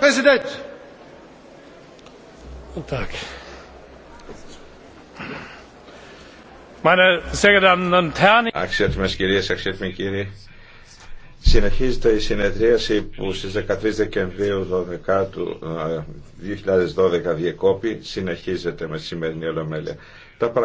Präsident! Guten Meine αξιότιμες κυρίες, αξιότιμοι κύριοι, συνεχίζεται η συνεδρίαση που στις 13 Δεκεμβρίου του 2012 διεκόπη, συνεχίζεται με σημερινή ολομέλεια.